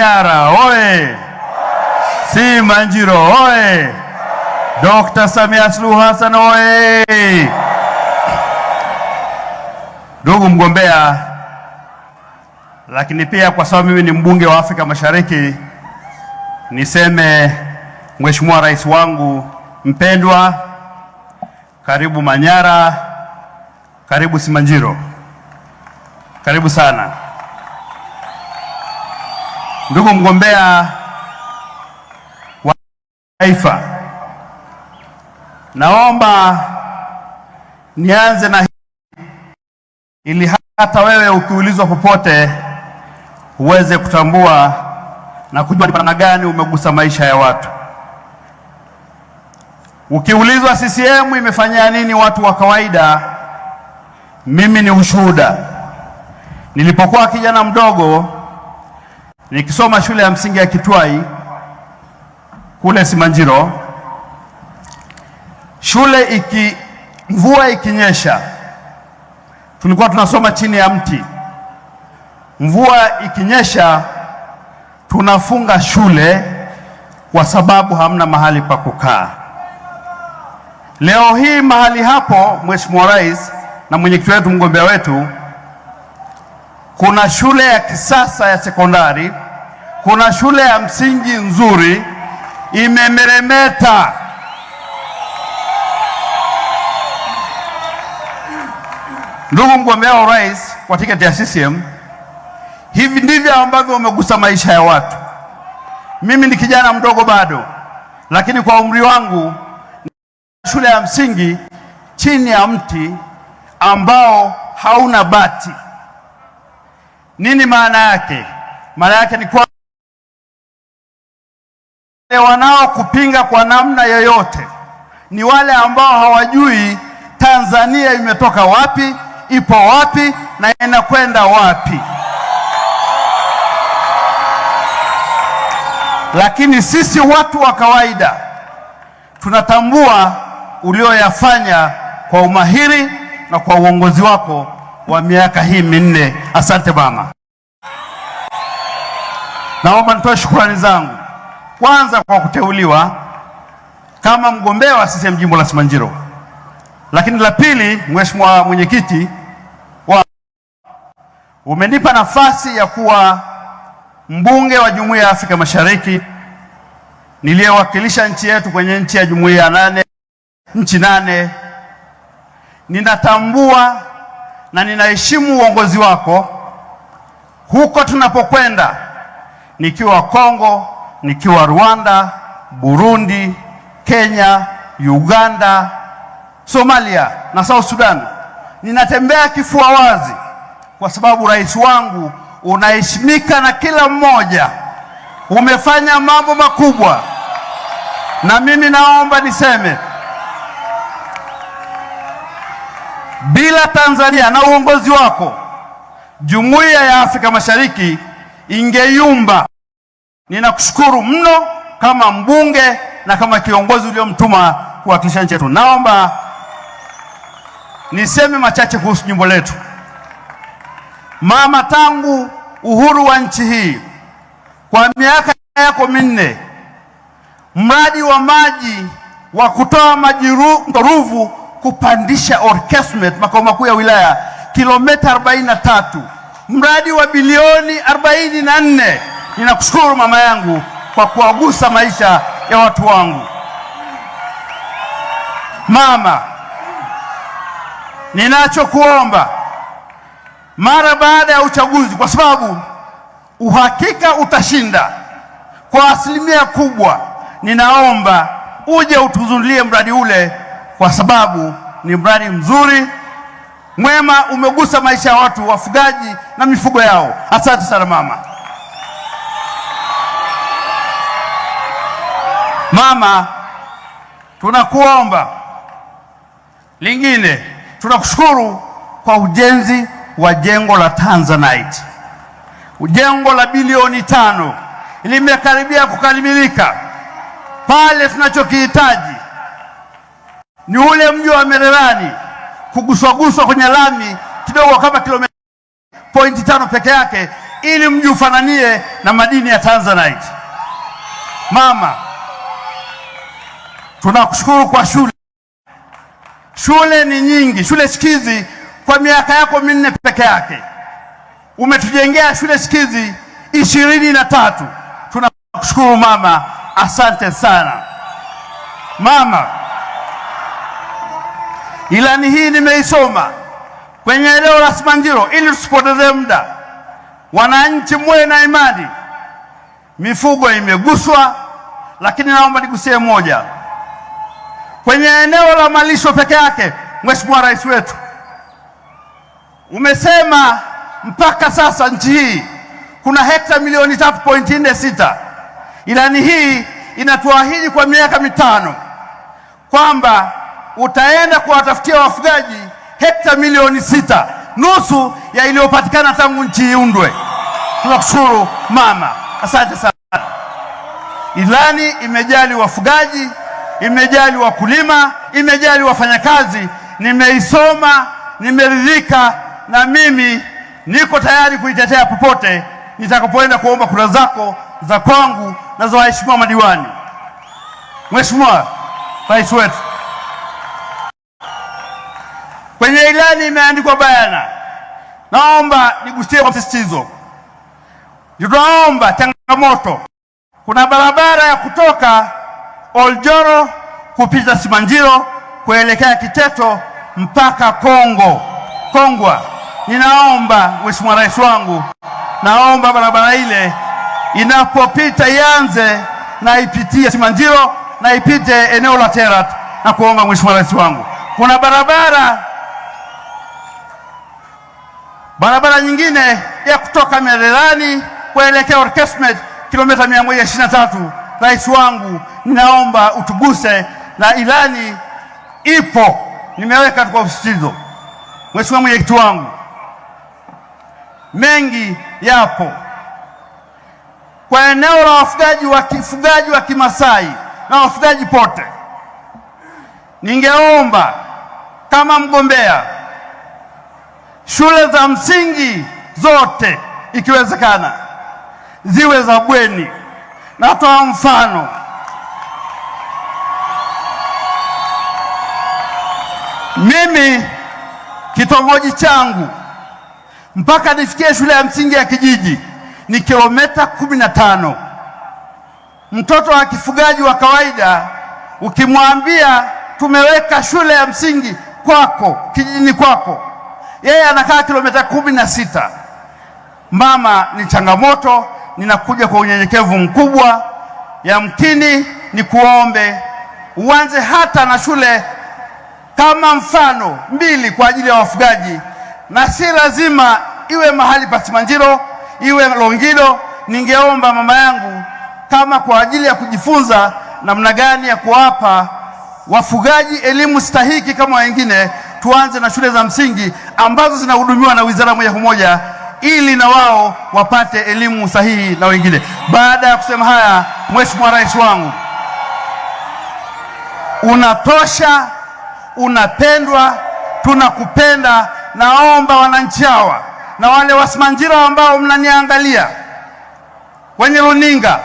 Manyara oye! Simanjiro oye! Dr. Samia Suluhu Hassan oye! Ndugu mgombea, lakini pia kwa sababu mimi ni mbunge wa Afrika Mashariki, niseme Mheshimiwa Rais wangu mpendwa, karibu Manyara, karibu Simanjiro, karibu sana. Ndugu mgombea wa taifa, naomba nianze na hii ili hata wewe ukiulizwa popote uweze kutambua na kujua ni namna gani umegusa maisha ya watu. Ukiulizwa CCM imefanyia nini watu wa kawaida, mimi ni ushuhuda. Nilipokuwa kijana mdogo Nikisoma shule ya msingi ya Kitwai kule Simanjiro, shule iki mvua ikinyesha, tulikuwa tunasoma chini ya mti. Mvua ikinyesha, tunafunga shule kwa sababu hamna mahali pa kukaa. Leo hii mahali hapo, Mheshimiwa Rais na mwenyekiti wetu, mgombea wetu, kuna shule ya kisasa ya sekondari kuna shule ya msingi nzuri imemeremeta. Ndugu mgombea wa urais kwa tiketi ya CCM, hivi ndivyo ambavyo umegusa maisha ya watu. Mimi ni kijana mdogo bado, lakini kwa umri wangu shule ya msingi chini ya mti ambao hauna bati. Nini maana yake? Maana yake ni kwa Wanaokupinga kwa namna yoyote ni wale ambao hawajui Tanzania imetoka wapi, ipo wapi na inakwenda wapi. Lakini sisi watu wa kawaida tunatambua ulioyafanya kwa umahiri na kwa uongozi wako wa miaka hii minne. Asante mama, naomba nitoe shukrani zangu kwanza kwa kuteuliwa kama mgombea wa CCM jimbo la Simanjiro, lakini la pili, mheshimiwa mwenyekiti wa umenipa nafasi ya kuwa mbunge wa Jumuiya ya Afrika Mashariki niliyewakilisha nchi yetu kwenye nchi ya jumuiya nane, nchi nane. Ninatambua na ninaheshimu uongozi wako huko tunapokwenda, nikiwa Kongo nikiwa Rwanda, Burundi, Kenya, Uganda, Somalia na South Sudan, ninatembea kifua wazi kwa sababu rais wangu unaheshimika na kila mmoja, umefanya mambo makubwa, na mimi naomba niseme bila Tanzania na uongozi wako, jumuiya ya Afrika Mashariki ingeyumba. Ninakushukuru mno kama mbunge na kama kiongozi uliomtuma kuwakilisha nchi yetu. Naomba niseme machache kuhusu jimbo letu. Mama, tangu uhuru wa nchi hii kwa miaka yako minne, mradi wa maji wa kutoa maji Ruvu kupandisha Orkesmet makao makuu ya wilaya kilomita 43, mradi wa bilioni 44 ninakushukuru mama yangu kwa kuwagusa maisha ya watu wangu. Mama, ninachokuomba mara baada ya uchaguzi, kwa sababu uhakika utashinda kwa asilimia kubwa, ninaomba uje utuzundulie mradi ule, kwa sababu ni mradi mzuri mwema, umegusa maisha ya watu wafugaji na mifugo yao. Asante sana mama. Mama, tunakuomba lingine, tunakushukuru kwa ujenzi wa jengo la Tanzanite, jengo la bilioni tano limekaribia kukamilika. Pale tunachokihitaji ni ule mji wa Mererani kuguswaguswa kwenye lami kidogo kama kilomita pointi tano peke yake, ili mji ufananie na madini ya Tanzanite. Mama Tunakushukuru kwa shule. Shule ni nyingi, shule sikizi. Kwa miaka yako minne peke yake umetujengea shule sikizi ishirini na tatu. Tunakushukuru mama, asante sana mama. Ilani hii nimeisoma kwenye eneo la Simanjiro ili tusipoteze muda. Wananchi muwe na imani, mifugo imeguswa, lakini naomba nigusie moja kwenye eneo la malisho peke yake. Mheshimiwa Rais wetu umesema mpaka sasa nchi hii kuna hekta milioni 3.46. Ilani hii inatuahidi kwa miaka mitano kwamba utaenda kuwatafutia wafugaji hekta milioni sita, nusu ya iliyopatikana tangu nchi iundwe. Tunakushukuru mama, asante sana. Ilani imejali wafugaji imejali wakulima, imejali wafanyakazi. Nimeisoma, nimeridhika, na mimi niko tayari kuitetea popote nitakapoenda kuomba kura zako za kwangu na za waheshimiwa madiwani. Mheshimiwa Rais wetu, kwenye ilani imeandikwa bayana, naomba nigusie kwa msisitizo. Tunaomba changamoto, kuna barabara ya kutoka Oljoro kupita Simanjiro kuelekea Kiteto mpaka Kongo Kongwa. Ninaomba Mheshimiwa Rais wangu, naomba barabara ile inapopita ianze na ipitie Simanjiro na ipite eneo la Terat, na kuomba Mheshimiwa Rais wangu, kuna barabara barabara nyingine ya kutoka Mererani kuelekea Orkesmet kilomita 123 rais wangu, ninaomba utuguse na ilani ipo, nimeweka kwa msisitizo. Mheshimiwa mwenyekiti wangu, mengi yapo kwa eneo la wafugaji wa kifugaji wa Kimasai na wafugaji pote, ningeomba kama mgombea, shule za msingi zote ikiwezekana ziwe za bweni. Natoa mfano, mimi kitongoji changu mpaka nifikie shule ya msingi ya kijiji ni kilomita kumi na tano. Mtoto wa kifugaji wa kawaida ukimwambia tumeweka shule ya msingi kwako kijijini kwako, yeye anakaa kilomita kumi na sita. Mama, ni changamoto ninakuja kwa unyenyekevu mkubwa. Yamkini ni kuombe uanze hata na shule kama mfano mbili kwa ajili ya wafugaji, na si lazima iwe mahali pa Simanjiro, iwe Longido. Ningeomba mama yangu, kama kwa ajili ya kujifunza namna gani ya kuwapa wafugaji elimu stahiki kama wengine, tuanze na shule za msingi ambazo zinahudumiwa na wizara moja kwa moja ili na wao wapate elimu sahihi na wengine. Baada ya kusema haya, Mheshimiwa Rais wangu, unatosha, unapendwa, tunakupenda. Naomba wananchi hawa na wale wasimanjira ambao mnaniangalia wenye runinga,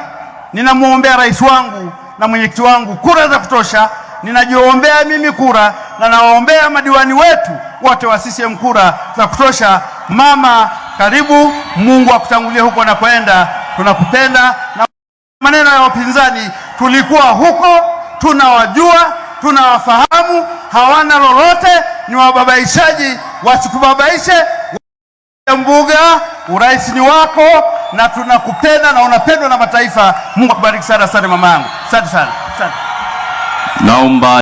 ninamwombea rais wangu na mwenyekiti wangu kura za kutosha. Ninajiombea mimi kura na nawaombea madiwani wetu wote wa CCM kura za kutosha. Mama karibu, Mungu akutangulie huko unakoenda. Tunakupenda na maneno ya wapinzani, tulikuwa huko, tunawajua, tunawafahamu, hawana lolote, ni wababaishaji. Wasikubabaishe mbuga, urais ni wako, na tunakupenda na unapendwa na mataifa. Mungu akubariki sana sana, yangu asante sana, asante. Naomba